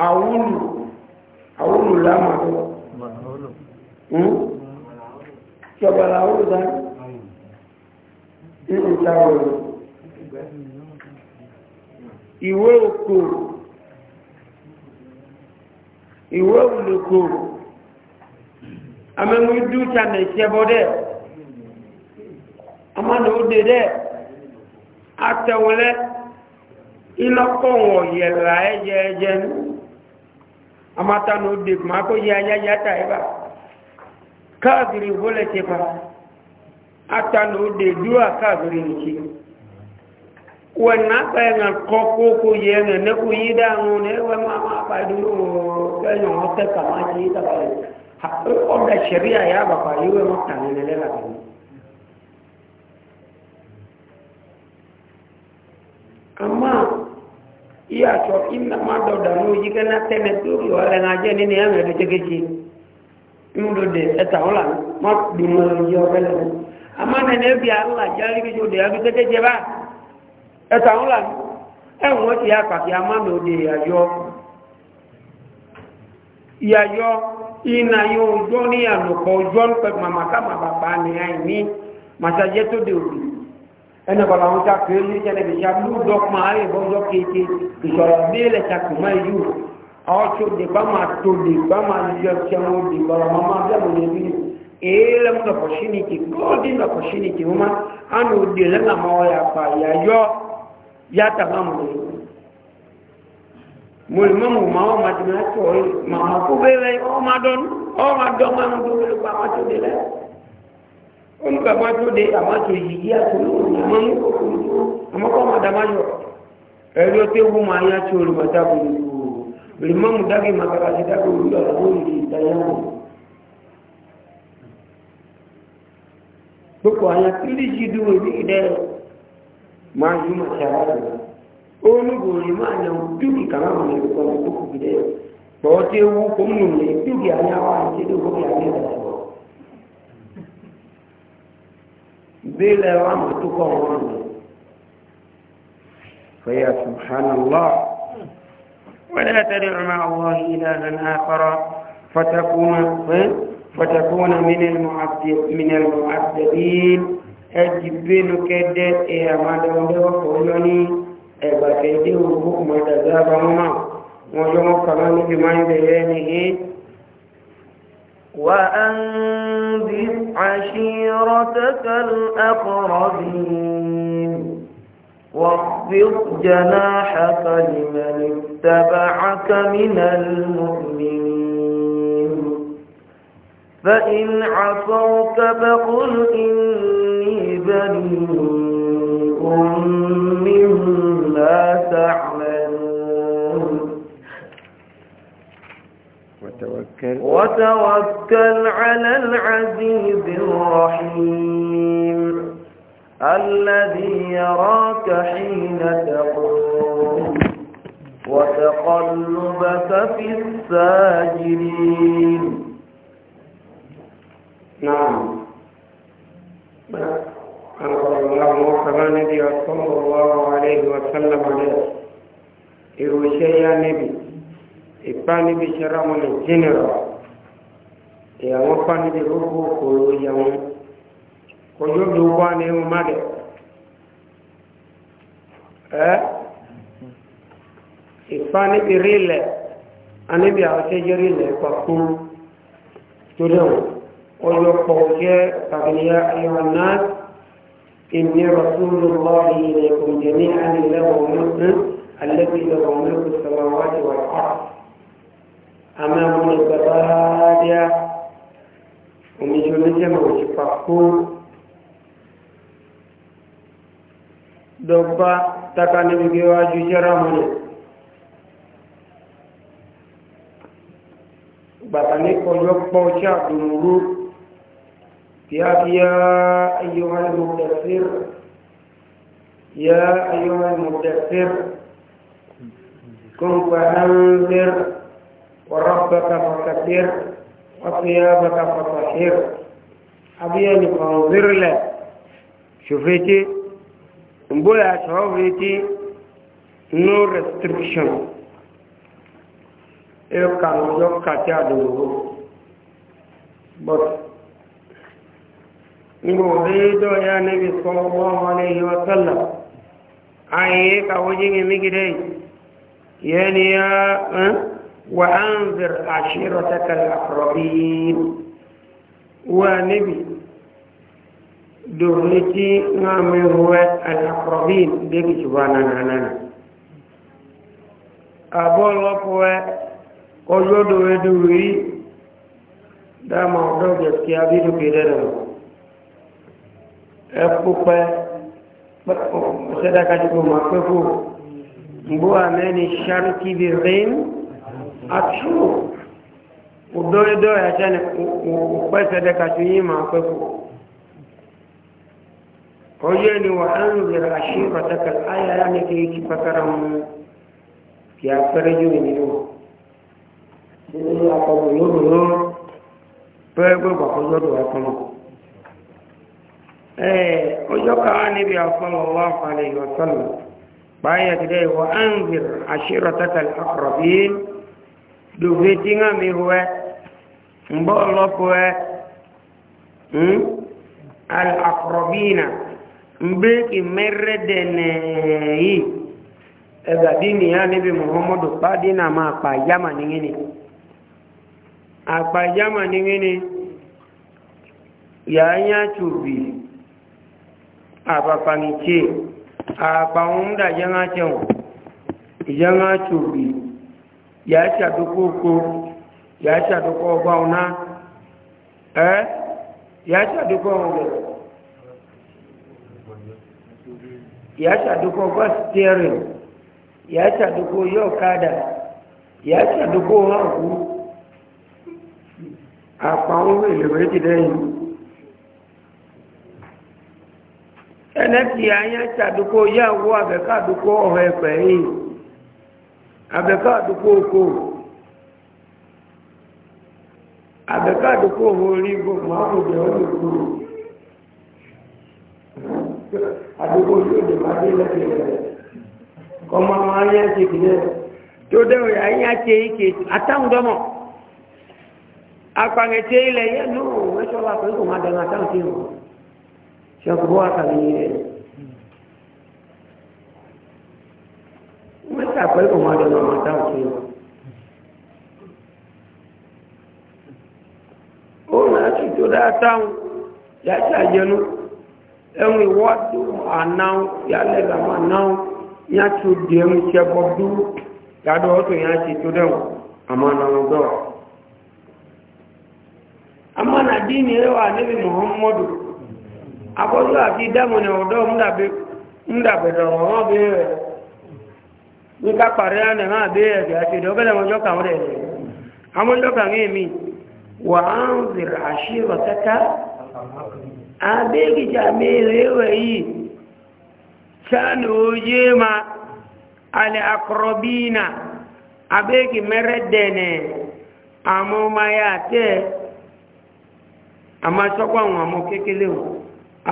àwúlù àwúlù Hmm? iwe àwọ́dá nínú ìtawọ̀ ìwé iwe ìwé òlòkò amẹ́mú dúkà mẹ́ṣẹ́bọ́ dẹ̀ amánà ó dé dẹ̀ atẹ̀wọlẹ́ ilọ́kọ̀ wọ̀ yẹ̀rà ẹ̀yẹ ẹ̀yẹ ní amátánà yẹ káàkiri wọlé ti pa atanu de dúró káàkiri nìkí wọn nàkà yẹn kọ kókó yẹn nà ne kò yí dànù ne wọn máa máa bá dúró kẹyìn wọn tẹ kàmá yìí tàbá yìí ọdà sẹríà yà bàbá yìí wọn kà ní nílẹ làbẹ tó yọ ọ́ ajẹ́ nínú yẹn mẹ́rin yóò de ẹta wọn la má di mọ iye ọbẹ lẹ wọn àmọ nẹnẹ ebi ala jali kejì òde àbí kété jẹ bá ẹta wọn la ẹ wọn ti akpàkì àmọ nà òde yàyọ yàyọ iná yóò jọ ní ànùkọ jọ ní pẹpẹ màmá ká màmá bá àìní màsàjẹ tó de òde ẹnì bàbá wọn ta kéwòn ní sẹlẹ bìsí àbúrò dọkùnmá ayé bọjọ kéèké ìsọlọ bí lẹsàkùnmá yìí wò ọtú dìgbà máa tó dìgbà máa yọ tẹun dìgbà ọmọ máa bẹ́ẹ̀ mọ̀ níbi èèlẹ̀ mú lọ́pọ̀ṣínìtì gọ́ọ̀dì lọ́pọ̀ṣínìtì wọn máa ánú òdì lẹ́nà máa ọ̀yà àpà ìyàyọ́ yàtà máa mọ̀ níbi. mo lè mọ́mù máa wọ́n máa dìbò láti ọ̀rẹ́ màmá kó bẹ́ẹ̀ ọ́ máa dọ́nu ọ́ máa dọ́ máa ń dúró lópa máa tó dé lẹ́ onuka máa tó de àmà tó yìí àtúnú àmà mú kókó àmà kó máa dá máa yọ ẹ̀rí ó tẹ́wọ́ máa yá tó olùmọ̀tá kò ní kú limamu dagi magarasi dagi wuli ọ̀rọ̀ lórí ìtayẹ̀wò gbogbo àyà pílì jídú ní ìdẹ́ máa yí máa ṣe ara rẹ̀ ó ní gòrì máa yàn dúkì kàmáà ní ìkọ̀ ní gbogbo ìdẹ́ pọ̀ tí ewu kò mú ní dúkì àyà wa àti ìdí òkú àyà rẹ̀ lọ. ìbéèrè wa mọ̀ tó kọ̀ wọn rẹ̀ fẹ́yà subhanallah. ولا تدع مع الله إلها آخر فتكون إيه؟ فتكون من المعذب من المعذبين أجبن كده يا إيه ما دونه كلني إبا كده وبوك ما تذاب وجمع كمان بما يبينه وأنذر عشيرتك الأقربين واخفض جناحك لمن اتبعك من المؤمنين فإن عصوك فقل إني بريء مما تعملون وتوكل وتوكل على العزيز الرحيم الذي يراك حين تقوم وتقلبك في الساجدين نعم أنزل الله وكما نبي صلى الله عليه وسلم عليه إروشي يا نبي إباني بشرم الجنرال يا وفاني بروحه كله يوم kojú ló wá ní ohun má dẹ̀ ẹ́ ìfá níbi rí ilẹ̀ aníbi àwọn ṣẹ́jẹ́ rí ilẹ̀ pàkó tó dẹ̀wọ̀n ọjọ́ pọ̀ jẹ́ àgbìyà ayọ̀wọ̀n náà إني رسول الله إليكم جميعا له ملك الذي له ملك السماوات والأرض أما من الزبادية ومن جميع موجب فقول dogba takanibigiwaju jaramuni gbàtàní kọjọ pọ̀ ṣe àdùnrú kíákíá ayyuhal mudaththir ya ayyuhal mudaththir kun fahanzir wa rabbaka fakabbir wa thiyabaka fatahhir abiyani fanzir la shufiti mbola sɔɔfiriti no restriction e kan yɔ kati a dogo but ngo be dɔ ya ne bi sallallahu alaihi wa sallam an ye ka wajen yi miki dai yani ya eh, wa anzir ashirataka aqrabin wa nabi دولتي نعمل هو الأقربين ديك شبانا نانا أبو الله هو قجو دوي دوي دا موضوع جسكي أبي دوكي دارو أبو صدقة جبو مكفو مبو أمان الشركي بالغين أتشو ودوي دوي عشان وقبل صدقة جيما مكفو oye ni wa an zira shi ba ta kal aya ya ne ke yi ki fasara mu ya fara yi ne no ni a ko mu yo no pe go ba ko yo do ko mo eh ojo ka ni bi sallallahu alaihi wa baya ti wa an zira aqrabin do vetinga mi huwa mbo lopo eh hmm? al aqrabina mbeki meredene yi ega dini ya nabi muhammadu pa dina ma pa yama ni ngini apa yama ni ngini ya nya chubi apa pangiche apa umda janga chong janga chubi ya cha dukuku ya cha duko bauna eh ya cha duko ngini ya ṣàdúkọ bus steering ya ṣàdúkọ yọ̀ọ̀kadà ya ṣàdúkọ ọ̀hún àpàwọn èlò méjì lẹ́yìn ẹnẹ́tì ayé ṣàdúkọ yàwó àbẹ̀kàdúkọ ọ̀hún ẹ̀pẹ̀ yìí àbẹ̀kàdúkọ oko àbẹ̀kàdúkọ orí gbogbo àwọn òbí ọdún kúrò àdúgbò tí ó lè má dé lẹ́gbẹ̀ẹ́ rẹ̀ kọ́mọ àwọn ayé ti kìíní tó dẹ́wò yà ń yá tse ike àtàwọn dọ́mọ̀ akpanẹ̀tse ilẹ̀ yẹ nù ẹ̀ṣọ́ la pẹ̀lú kò má dẹ̀ nà àtàwọn ti nù sọ̀kùbọ̀ àkàlẹ̀ yìí rẹ̀ mẹ́ta pẹ̀lú kò má dẹ̀ nà àtàwọn ti ó nà á ti tó dáa táwọn yà á ẹ̀wọ̀n ìwọ́dù ànáwó yálẹ̀ làwọn ànáwó yá tó di ẹ̀mú iṣẹ́ bọ́ dúró gádọ́ ọ̀tọ̀ yá tó dẹ̀wọ̀n àmọ́ ànáwó dọ̀ muhammadu máa bí àti wọn jọ́kà rẹ̀ àwọn jọ́kà ní wà àṣírọ̀ abegija merewe yi sani oye ma ale akorobina abegi mere dene amomaya te amasọkwa wọn amọ kekele o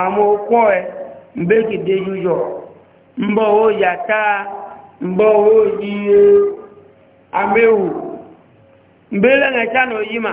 amọ ẹ mbeki dejujọ mbọ o yata mbọ o yiye amewu mbelenge sani oyi ma.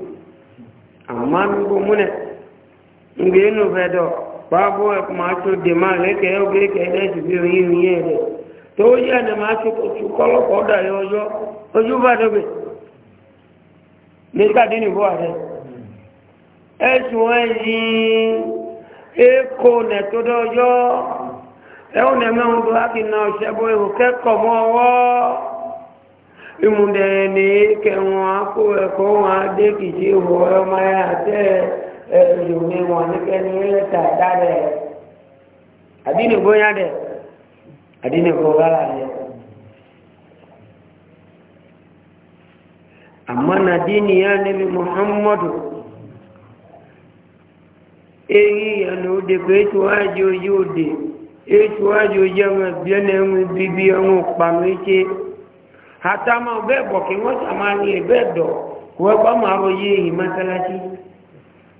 amma nugo mune nge nu fedo babu e kuma de ma le ke o ge ke ne ti bi yin ye de to ya ne ma ti ko su ko lo ko da yo yo ba do ka bo e e yi e ko ne to do yo e o ne ma o do akina o bo e ke ko mo ìmúdẹ ní kẹwọn akó ẹkọ wọn adé kìí wọ ọmọ ẹ àtẹ ẹlòmí wọn níkẹ ní ẹlẹta dáadẹ àdínìbó yá dẹ àdínìbó rárá yá níbi muhammadu èyí òde pé ètò ètò bíbí ọmọ ìṣe. hata ma bebo kingocha mani bedo kuwa maro ye matalachi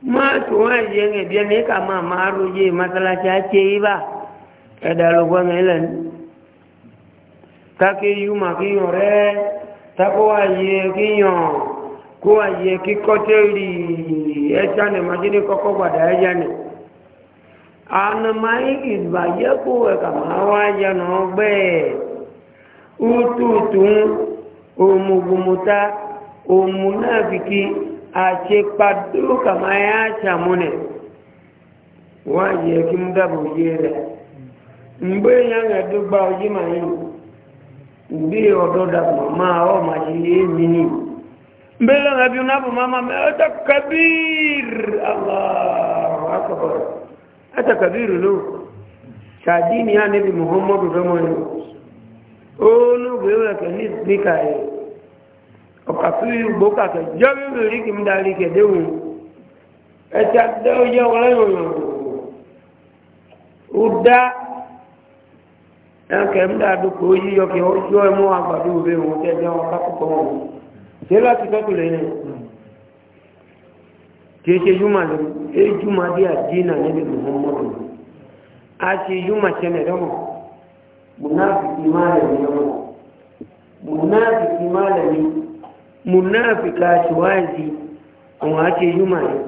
ma tuwa yenge bien eka ma maro ye matalachi ache iba eda lugwa ngelen take yuma kinyore takuwa ye kinyo kuwa ye kikoteli echane majini koko kwa dayane ana mai kizba ye kuwe kama hawaja no bebo ututun omugumuta omunafiki achekpadu kama yachamune waje kimdaba ujere mgbe ya ngadugba ojimayi mgbe ododa mama o machiyemini mbele ngabi unapo mama hata kabir allahu akbar hata kabiru lo shadini ya nabi muhammadu ramoyo olóògbé wẹ̀kẹ̀ ní ìpínká ẹ̀ ọ̀pá fún ìgbó kàkẹ́ jọ́ bíbí rí kí n darí kẹ̀dẹ́ wò ẹ̀tí àtẹ́ ó yẹ wọlé yòòyàn ó dá ẹ̀kẹ́ ń dáa dúkọ̀ ó yíyọ kí ó yọ ẹmú àgbàdo òbí wọn tẹ́ ẹ̀dẹ́ wọn kákòkò wọn ṣé láti tọ́tù lẹ́yìn kì í ṣe júmọ̀ lẹ́nu ẹ júmọ̀ bí àdínà níbi mọ̀mọ́dún a ṣe júmọ̀ ṣẹlẹ̀ lọ́mọ̀ munafiki malami yawa munafiki malami munafika shiwazi wa ce yuma ne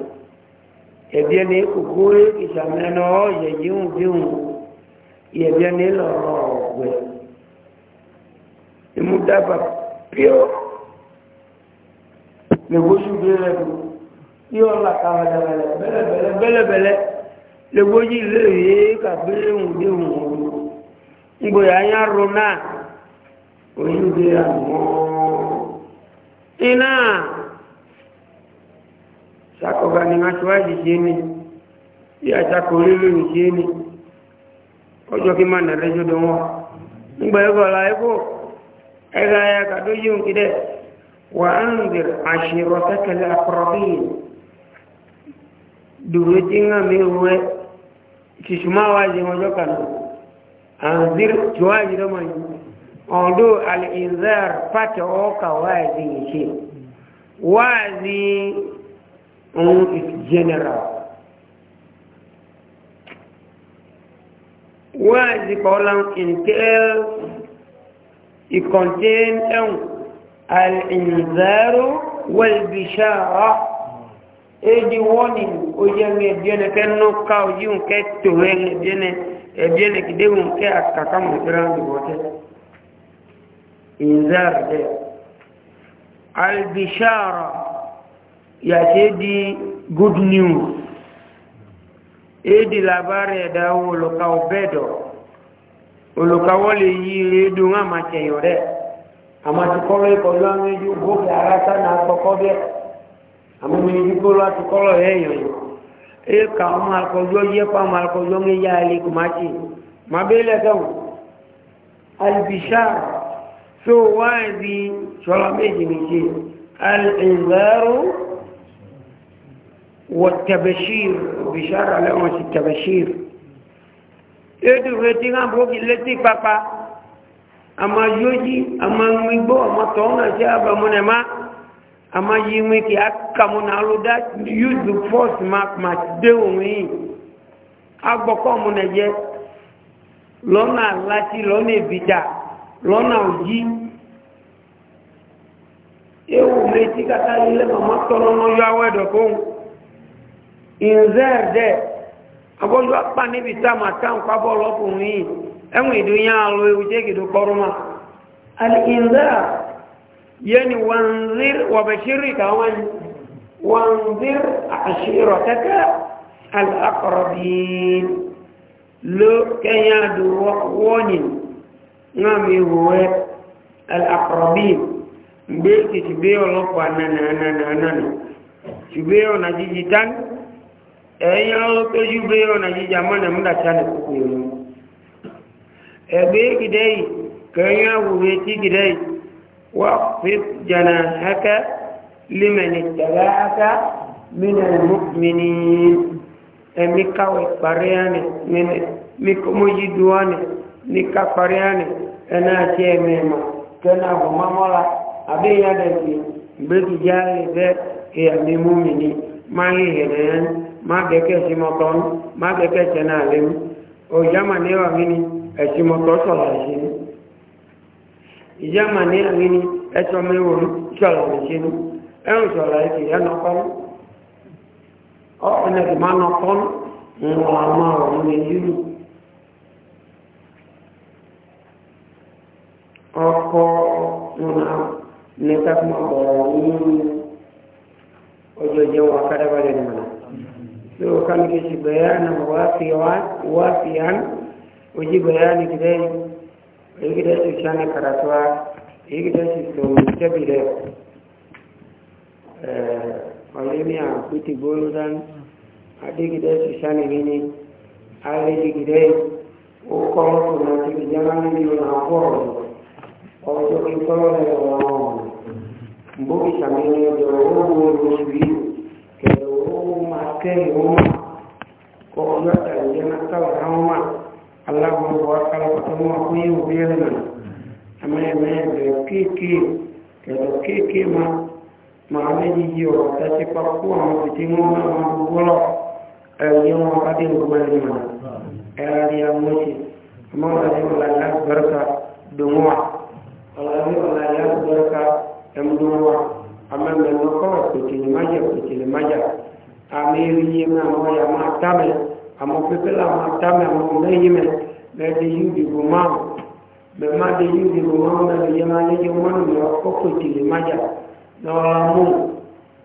ebi ne ku goye isamina na o ye yiun biun ebi ne pio le wosu bi rẹ do yọ la kaba daba lẹ bẹlẹbẹlẹ bẹlẹbẹlẹ le wosi le ka bere hun de hun o ìgbòyà yá ro náà onígbé àwọn iná ṣàkọ̀bà ni aṣíwájì ṣe ní bí àṣàkò orílẹ̀ èdè ṣe ní ọjọ́ kí máa nàrẹ́ jọdọ̀ wọn nígbà ẹgbọ́la ẹgbọ́ ẹgbà ya kàdó yíò kìdẹ̀ wà á ń bẹ̀rẹ̀ àṣírọ̀ tẹ́kẹ̀lẹ̀ àkọrọ̀bíyìn dùwẹ́ tí ń hàn mí wẹ́ ìṣìṣùmáwájì ọjọ́ kanáà anzir tuwaji da man ondo al'inzar fata oka wazi ce wazi on is general wazi kolan intel i contain an al'inzaru wal bishara edi warning ojen ne biene kenno ka ojun ke ebiye ne kidewun ke akaka mu kiran dibote inzar de al bishara ya ce di good news e di labari da oluka obedo oluka wole yi redu nga ma ce yore ama ti kọlọ ikọlu àwọn eju gòkè ara sáà na akọkọ bẹ àmọ́ mi ní kí kọlọ àti kọlọ yẹ yọ̀yọ̀ eka ọmọ akọjọ yẹpa ọmọ akọjọ ń yá ilé kùmáṣí ma bẹ́lẹ̀ tẹ́wọ̀n albisha tó wá ẹ̀bí ṣọ́lá méjì méjì al'inzaru wa tabashir bishara lẹ́wọ̀n sí tabashir ètò ìrètí hàn bókì létí pápá àmà yóò jí àmà ń gbó àmà tọ́ ama yi ŋui ke akamu na alo da use the force ma ma de ŋui agbɔkɔmu na yɛ lọna lati lọna evita lɔna oji ewu eti kata yi lɛ mama tɔnɔ n'ɔyɔ awɛ dɔ ko nzɛr de. abɔyɔ akpa níbi tá ma tá nkɔ abɔ lɔpɔ ŋui ɛŋui do yɛ alo ewu tɛ kedo kpɔrɔ ma ali nzɛr. yani wanzir wa bashiri ka wani wanzir ashirataka al-aqrabin lo kenya du wonin ngami huwe al-aqrabin mbe ki tibeo lopa na na na na na na tibeo na jiji tan eya lope tibeo na jiji amana muda chane kukuyo ebe kidei kenya huwe ti kidei واخفض جناحك لمن اتبعك من المؤمنين اميكا وقرياني من ميكو مجدواني ميكا قرياني انا تيميما كنا هما مولا ابي يدكي بيتي جالي بيت هي المؤمنين ما هي هنان ما بكي سيمطون ما بكي سنالين وجمع نيوا مني سيمطو صلاحين ìjẹ́mà ní àwọn ẹni ẹ̀tọ́ mẹ́wọ̀n ṣọ̀lá ìṣẹ́nu ẹ̀rùn ṣọ̀lá ìṣẹ́ yẹn nọkọ́nù ọ̀nà ìmá nọkọ́nù wọn a máa wọ̀ ní yílù ọkọ̀ wọn ní káfíńmà bọ̀rọ̀ yílù ọjọ́ jẹ́ wọn akádàbàlẹ̀ nìmọ̀nà tí ó kálukẹ́ ṣì bẹ̀yà náà wá fi hàn ojú bẹ̀yà nìkìlẹ́yìn igida su shana karatuwa igida su to tabi da olimiya kuti boludan adigida su shana gini aligida ukọ ọkọ na tibi jama nínú àpọ̀ ọjọ́ ìtọ́rọ̀ rẹ̀ wọ́n mbókì sàmìlì ọjọ́ owó oṣù yìí kẹ̀lẹ̀ owó máa kẹ́ ìwọ́n kọ́ ọjọ́ wa kala ko to mo ko yu be na ama me de ki ki ke do ki ki ma ma me ji yo ta ci pa ko mo ti mo na ma bu golo e yo mo ka di ko ma ni ma e ari am mo ci mo na ni la la barka do mo ala ni bɛɛdi yudi ko maamu bɛɛ ma de yudi ko maamu bɛɛ bi yɛma ne yɛ mɔnu mi ɔkɔ ko tili ma dza n'ɔla mu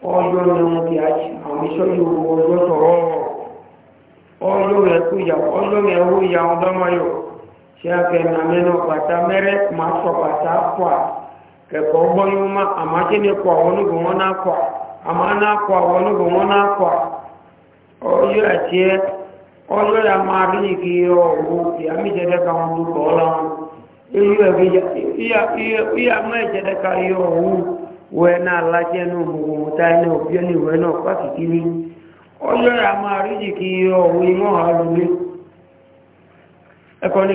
ɔyɔ nyɔnu ti ati àwọn isɔyi wo ɔyɔ sɔrɔ ɔyɔ yɛ ko ya ɔyɔ yɛ wo ya ɔdɔmɔ yɔ sia kɛ namɛ nɔ bata mɛrɛ ma sɔ bata kɔa kɛkɔ gbɔ yi ma amati ne kɔa wɔnu ko wɔna kɔa ama na kɔa wɔnu ko wɔna kɔa ɔyɔ atiɛ. ọjọ́ oh, eh, oh, oh, ya máa rí igi ọ̀wọ́ ìyàmíjẹ̀dẹ́ka wọn tó kọ́ láwọn ìyàmíjẹ̀dẹ́ka yọ ọ̀wọ́ wẹ́ náà lájẹ́ ní òmùgbòmùta ẹni òbíọ́ ní ìwẹ́ náà pàtìkì ní ọjọ́ ya máa rí igi ní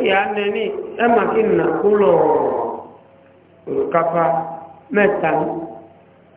kíkà nà kúlọ̀ mẹ́ta ní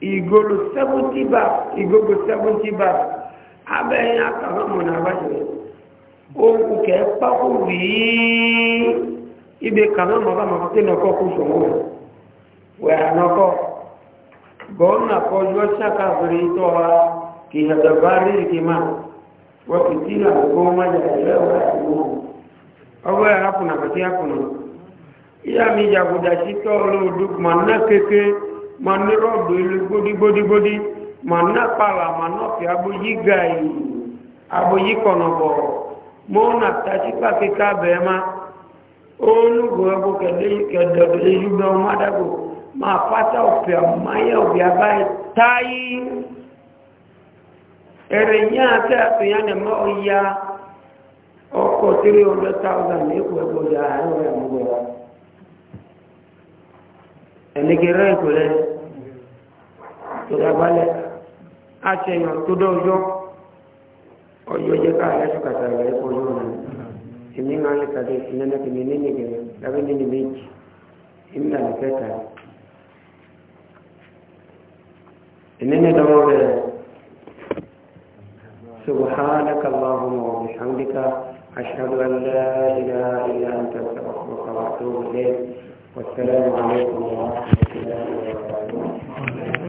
igolo 70 bar igogo seventy bab abẹ́yìn akàfẹ́mù náà bá ṣe ohun kẹ́ rìí ibi kàmẹ́mù bá máa kí nọkọ́ kó ṣòwò wẹ̀ ànọkọ́ gọ́ọ̀nà kọjọ́ ṣàkàfẹ́rẹ́ tó wa kì í ẹ̀dọ̀ bá rí ìdí máa wọ́n fi tí náà gbọ́ mọ́jà ẹ̀rẹ́ wà ìwọ̀n ọwọ́ ẹ̀rápùnà mi ma ní rọ́ọ̀dù ilé gbódígbódígbódí ma ná ma nọ́ọ̀fì aboyí gàì aboyí na mọ́nà tàbí pàkíkà bẹ̀ẹ́ ma olùgbò ẹgbò kẹ̀dọ̀dọ̀ ìjúgbẹ́ ọmọdágbò ma pátá òfì àmáyẹ òbí abáyé táyí ẹ̀rẹ̀ yá ya na nà mọ́ ọya ọkọ̀ 300,000 ẹnìkẹrẹ ìkọlẹ ìdàgbàlẹ àṣẹyàn tó dọjọ ọjọ jẹ káàlẹ ṣùkàtà rẹ kọjú ọnà èmi máa ń kàdé ìnáná tèmi nínú ìgbẹrẹ lábẹ nínú méjì èmi là ní kẹta ìnáná ìdánwò rẹ سبحانك اللهم وبحمدك أشهد أن لا إله إلا أنت أستغفرك وأتوب إليك والسلام عليكم ورحمة الله